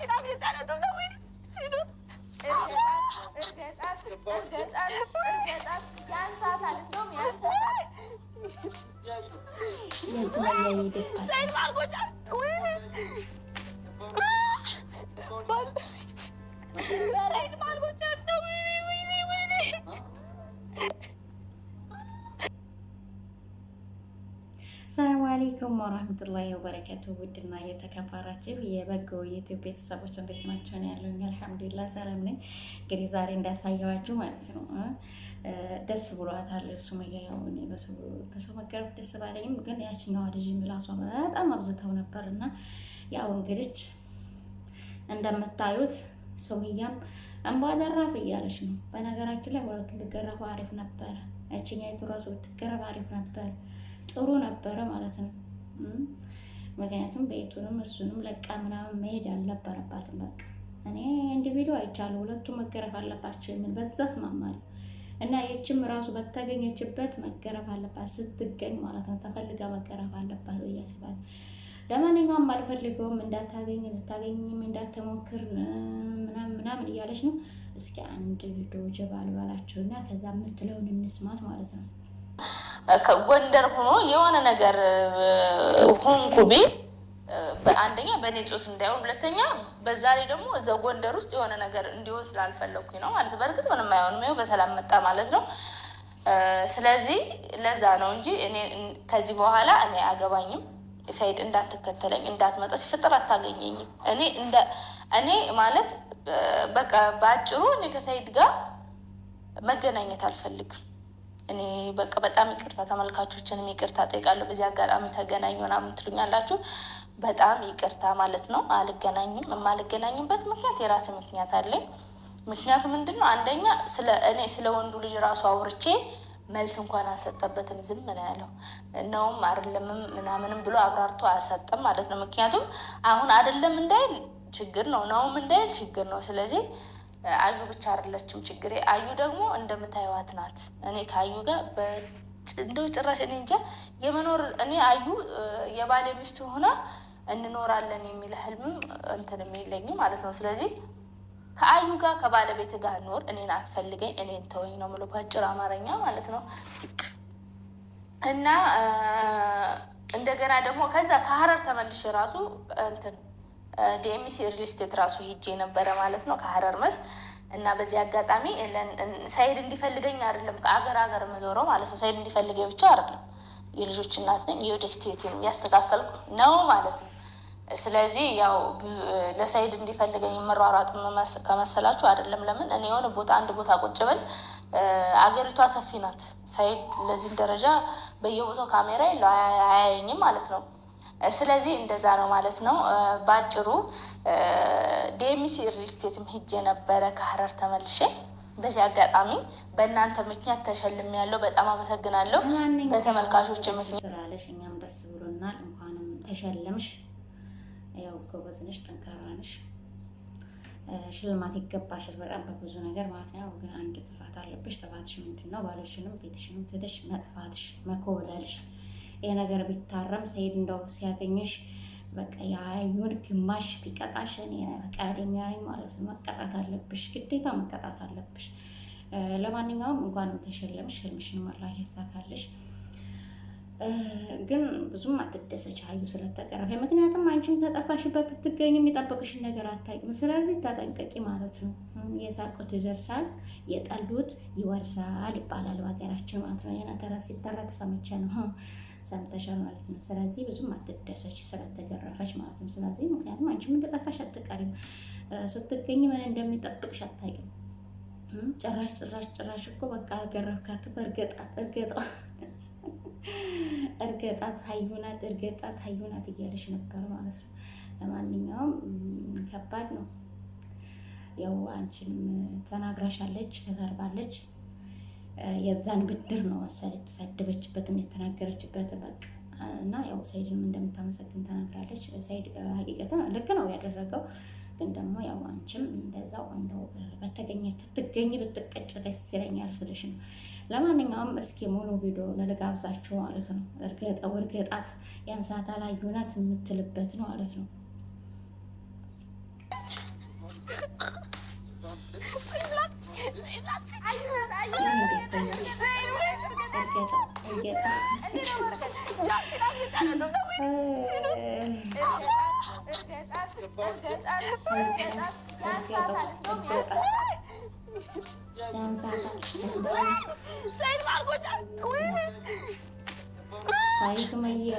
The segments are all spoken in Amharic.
በጣም የጠረጡ ነው ወይ ሰይድ ማልጎጫ ነው ወይ ሰላም አለይኩም ወራህመቱላሂ ወበረከቱ። ውድና የተከበራችሁ የበጎ ዩቲዩብ ቤተሰቦች እንዴት ናቸው? ነው ያለኝ አልሐምዱሊላህ ሰላም ነኝ። እንግዲህ ዛሬ እንዳሳየዋችሁ ማለት ነው ደስ ብሏታል ሱመያ። ያው በሰው መገረፍ ደስ ባለኝም ግን ያችኛዋ ልጅ ምላሷ በጣም አብዝተው ነበር እና ያው እንግዲህ እንደምታዩት ሱመያም እንባ ደራፍ እያለች ነው። በነገራችን ላይ ሁለቱም ቢገረፉ አሪፍ ነበር። ያችኛይቱ ራሱ ብትገረፍ አሪፍ ነበር። ጥሩ ነበረ ማለት ነው። ምክንያቱም ቤቱንም እሱንም ለቃ ምናምን መሄድ አልነበረባትም። በቃ እኔ እንዲቪዲዮ አይቻለሁ፣ ሁለቱ መገረፍ አለባቸው የሚል በዛ እስማማለሁ። እና ይችም ራሱ በተገኘችበት መገረፍ አለባት፣ ስትገኝ ማለት ነው። ተፈልጋ መገረፍ አለባት ብዬ አስባለሁ። ለማንኛውም አልፈልገውም፣ እንዳታገኝ ልታገኝም እንዳትሞክር ምናምን ምናምን እያለች ነው። እስኪ አንድ ቪዲዮ ጀባል አልባላቸው እና ከዛ የምትለውን እንስማት ማለት ነው። ከጎንደር ሆኖ የሆነ ነገር ሆንኩ ቤ አንደኛ በእኔ ጾስ እንዳይሆን፣ ሁለተኛ በዛ ላይ ደግሞ እዛ ጎንደር ውስጥ የሆነ ነገር እንዲሆን ስላልፈለግኩኝ ነው ማለት በእርግጥ ምንም አይሆንም፣ ይኸው በሰላም መጣ ማለት ነው። ስለዚህ ለዛ ነው እንጂ እኔ ከዚህ በኋላ እኔ አገባኝም ሳይድ እንዳትከተለኝ እንዳትመጣ ሲፈጠር አታገኘኝም። እኔ እንደ እኔ ማለት በቃ በአጭሩ እኔ ከሳይድ ጋር መገናኘት አልፈልግም። እኔ በቃ በጣም ይቅርታ ተመልካቾችንም ይቅርታ ጠይቃለሁ። በዚህ አጋጣሚ ተገናኙ ምናምን ትሉኛላችሁ። በጣም ይቅርታ ማለት ነው። አልገናኝም። የማልገናኝበት ምክንያት የራሴ ምክንያት አለኝ። ምክንያቱ ምንድን ነው? አንደኛ ስለ እኔ ስለ ወንዱ ልጅ ራሱ አውርቼ መልስ እንኳን አልሰጠበትም። ዝም ምን ያለው እነውም አይደለምም ምናምንም ብሎ አብራርቶ አልሰጠም ማለት ነው። ምክንያቱም አሁን አይደለም እንዳይል ችግር ነው፣ ነውም እንዳይል ችግር ነው። ስለዚህ አዩ ብቻ አይደለችም ችግሬ። አዩ ደግሞ እንደምታየዋት ናት። እኔ ከአዩ ጋር እንደው ጭራሽ እኔ እንጃ የመኖር እኔ አዩ የባሌ ሚስት ሆና እንኖራለን የሚል ህልምም እንትን የለኝም ማለት ነው። ስለዚህ ከአዩ ጋር ከባለቤት ጋር ኖር፣ እኔን አትፈልገኝ፣ እኔን ተወኝ ነው የምለው በአጭር አማርኛ ማለት ነው። እና እንደገና ደግሞ ከዛ ከሀረር ተመልሼ ራሱ እንትን ዲኤምሲ ሪል ስቴት ራሱ ሂጄ ነበረ ማለት ነው ከሀረር መስ እና በዚህ አጋጣሚ ሳይድ እንዲፈልገኝ አይደለም ከአገር ሀገር የምዞረው ማለት ነው። ሳይድ እንዲፈልገኝ ብቻ አይደለም የልጆች እናት ነኝ። የወደፊቴን እያስተካከልኩ ነው ማለት ነው። ስለዚህ ያው ለሳይድ እንዲፈልገኝ የምሯሯጥ ከመሰላችሁ አይደለም። ለምን እኔ የሆነ ቦታ አንድ ቦታ ቁጭ ብል አገሪቷ ሰፊ ናት። ሳይድ ለዚህ ደረጃ በየቦታው ካሜራ የለው አያየኝም ማለት ነው። ስለዚህ እንደዛ ነው ማለት ነው በአጭሩ። ዴሚሲ ሪልስቴትም ሂጄ ነበረ ከሀረር ተመልሼ። በዚህ አጋጣሚ በእናንተ ምክንያት ተሸልም ያለው በጣም አመሰግናለሁ። በተመልካቾች ስላለሽ እኛም ደስ ብሎናል። እንኳንም ተሸለምሽ። ያው ጎበዝ ነሽ፣ ጠንካራ ነሽ። ሽልማት ይገባሻል በጣም በብዙ ነገር ማለት ነው። ግን አንድ ጥፋት አለብሽ። ጥፋትሽ ምንድን ነው? ባልሽንም ቤትሽንም ትተሽ መጥፋትሽ፣ መኮብለልሽ ነገር ቢታረም ሰይድ እንደው ሲያገኝሽ በቃ የአዩን ግማሽ ቢቀጣሽ እኔ ፈቃደኛ ነኝ ማለት ነው። መቀጣት አለብሽ፣ ግዴታ መቀጣት አለብሽ። ለማንኛውም እንኳንም ተሸለምሽ፣ ህልምሽን አላህ ያሳካልሽ። ግን ብዙም አትደሰች አዩ ስለተቀረፈ፣ ምክንያቱም አንቺን ተጠፋሽበት ትገኝ የሚጠበቅሽ ነገር አታውቂም። ስለዚህ ተጠንቀቂ ማለት ነው። የሳቁት ይደርሳል፣ የጠሉት ይወርሳል ይባላል በሀገራችን ማለት ነው። ይህን ተረት ሲተረት ሰምቼ ነው ሰምተሻል ማለት ነው። ስለዚህ ብዙም አትደሰች ስለተገረፈች ማለት ነው። ስለዚህ ምክንያቱም አንቺም እንደጠፋሽ አትቀሪም፣ ስትገኝ ምን እንደሚጠብቅሽ አታውቂም። ጭራሽ ጭራሽ ጭራሽ እኮ በቃ ገረፍካት በእርገጣት እርገጣ እርገጣት ሀዩናት እርገጣት ሀዩናት እያለች ነበር ማለት ነው። ለማንኛውም ከባድ ነው። ያው አንቺም ተናግራሻለች፣ ተሰርባለች። የዛን ብድር ነው መሰል የተሳደበችበትም የተናገረችበት በቃ እና ያው ሰይድንም እንደምታመሰግን ተናግራለች። ሰይድ ሀቂቀትን ልክ ነው ያደረገው፣ ግን ደግሞ ያው አንቺም እንደዛው እንደው በተገኘ ስትገኝ ብትቀጭ ደስ ይለኛል ስልሽ ነው ለማንኛውም እስኪ ሙሉ ቪዲዮ ልጋብዛችሁ ማለት ነው። እርገጠ ወርገጣት ያንሳታ ላይ ዩናት የምትልበት ነው ማለት ነው። भाई तुम ये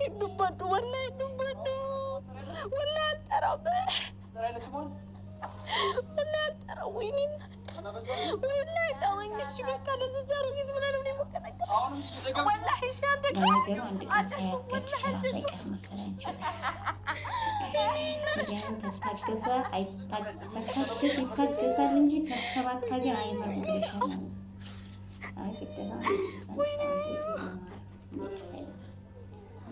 Itu warna itu Warna Warna ini. ይታገዛል እንጂ ከተባታገን አይመርም። በተለይ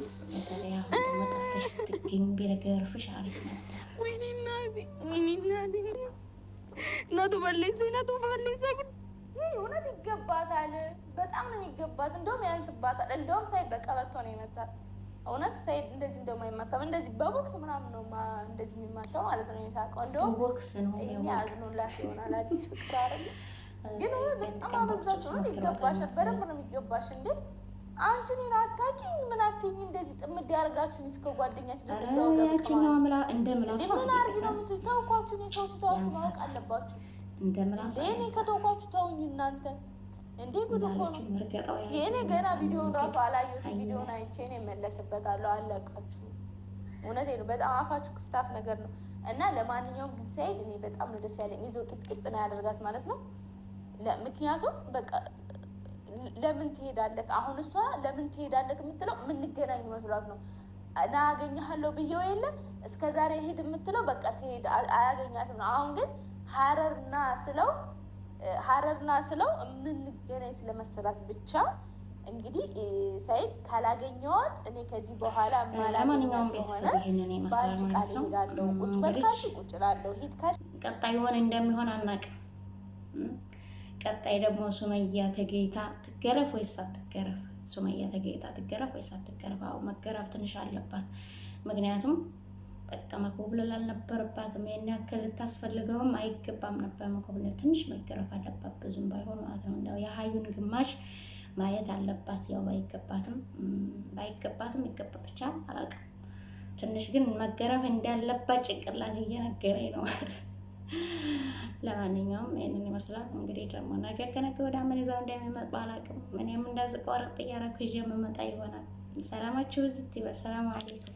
አሁን ደግሞ ጠፍተሽ እናቱ በለይዘ እናቱ በለይዘ ግን እውነት ይገባታል። በጣም ነው የሚገባት። እንደውም ያንስባታል። እንደውም ሳይድ በቀበቶ ነው ይመታል። እውነት ሳይድ እንደዚህ እንደውም አይመታም። እንደዚህ በቦክስ ምናምን ነው እንደዚህ የሚማታው ማለት ነው። የሳቀው እንደውም እኛ አዝኖላት ይሆናል። አዲስ ፍቅር ግን በጣም አበዛች። እውነት ይገባሻል። በደንብ ነው የሚገባሽ እንዴ አንቺ እኔን አታውቂኝ ምን አትይኝ? እንደዚህ ጥምድ ያደርጋችሁኝ እስከ ጓደኛች ድረስ እንደ ምላሱ ምን አድርጊ ነው የምትይው? ተውኳችሁ። እኔ ሰው ስተዋችሁ ማወቅ አለባችሁ። እንደ ምላሱ እኔ ከተውኳችሁ ተውኝ። እናንተ እንዲህ ብሉ እኮ ነው የእኔ ገና ቪዲዮን ራሱ አላየሁት። ቪዲዮን አይቼ እኔ መለስበታለሁ። አለቃችሁ። እውነቴን ነው። በጣም አፋችሁ ክፍታፍ ነገር ነው እና ለማንኛውም ግን ሳይድ እኔ በጣም ደስ ያለኝ። ይዞ ቅጥቅጥ ነው ያደርጋት ማለት ነው። ምክንያቱም በቃ ለምን ትሄዳለህ? አሁን እሷ ለምን ትሄዳለህ የምትለው የምንገናኝ መስሏት ነው። እና አገኘሃለሁ ብዬው የለ እስከ ዛሬ ሄድ የምትለው በቃ ትሄድ አያገኛትም ነው። አሁን ግን ሀረርና ስለው ሀረርና ስለው የምንገናኝ ስለመሰላት ብቻ እንግዲህ ሰይድ ካላገኘዋት እኔ ከዚህ በኋላ ለማንኛውም ቤተሰብ ይህንን ይመስላል ማለት ነው። እንግዲህ ቀጣይ ሆን እንደሚሆን አናውቅም። ቀጣይ ደግሞ ሱመያ ተገይታ ትገረፍ ወይስ አትገረፍ? ሱመያ ተገይታ ትገረፍ ወይስ አትገረፍ? አዎ መገረፍ ትንሽ አለባት። ምክንያቱም በቃ መኮብለል አልነበረባትም። ይሄን ያክል ልታስፈልገውም አይገባም ነበር መኮብለል። ትንሽ መገረፍ አለባት፣ ብዙም ባይሆን ማለት ነው። እንደው የሀዩን ግማሽ ማየት አለባት። ያው ባይገባትም ባይገባትም ይገባ ብቻ አላውቅም። ትንሽ ግን መገረፍ እንዳለባት ጭንቅላት እየነገረኝ ነው። ለማንኛውም ይህንን ይመስላል እንግዲህ ደግሞ ነገ ከነገ ወደ ምን ይዛው እንደሚመጡ አላውቅም። እኔም እንዳዝቆረጥ እያረኩ ይዤ የምመጣ ይሆናል። ሰላማችሁ ብዝት ይበል። ሰላም አለይኩም።